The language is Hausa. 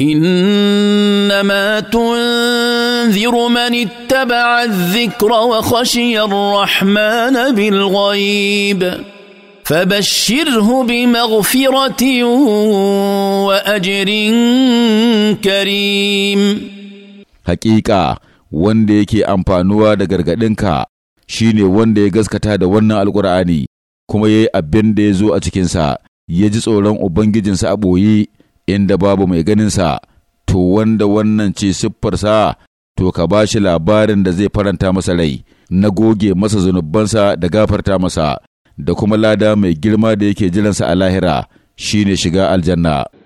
انما تنذر من اتبع الذكر وخشي الرحمن بالغيب فبشره بمغفره واجر كريم حقيقه wanda yake amfanuwa da gargaɗinka shine wanda ya gaskata da wannan alkur'ani kuma ya yi abin da ya zo a cikinsa ya ji tsoron ubangijinsa a ɓoye inda babu mai ganinsa, to wanda wannan ce siffarsa, to ka ba shi labarin da zai faranta masa rai, na goge masa zunubansa da gafarta masa, da kuma lada mai girma da yake jiransa a lahira, shine shiga aljanna.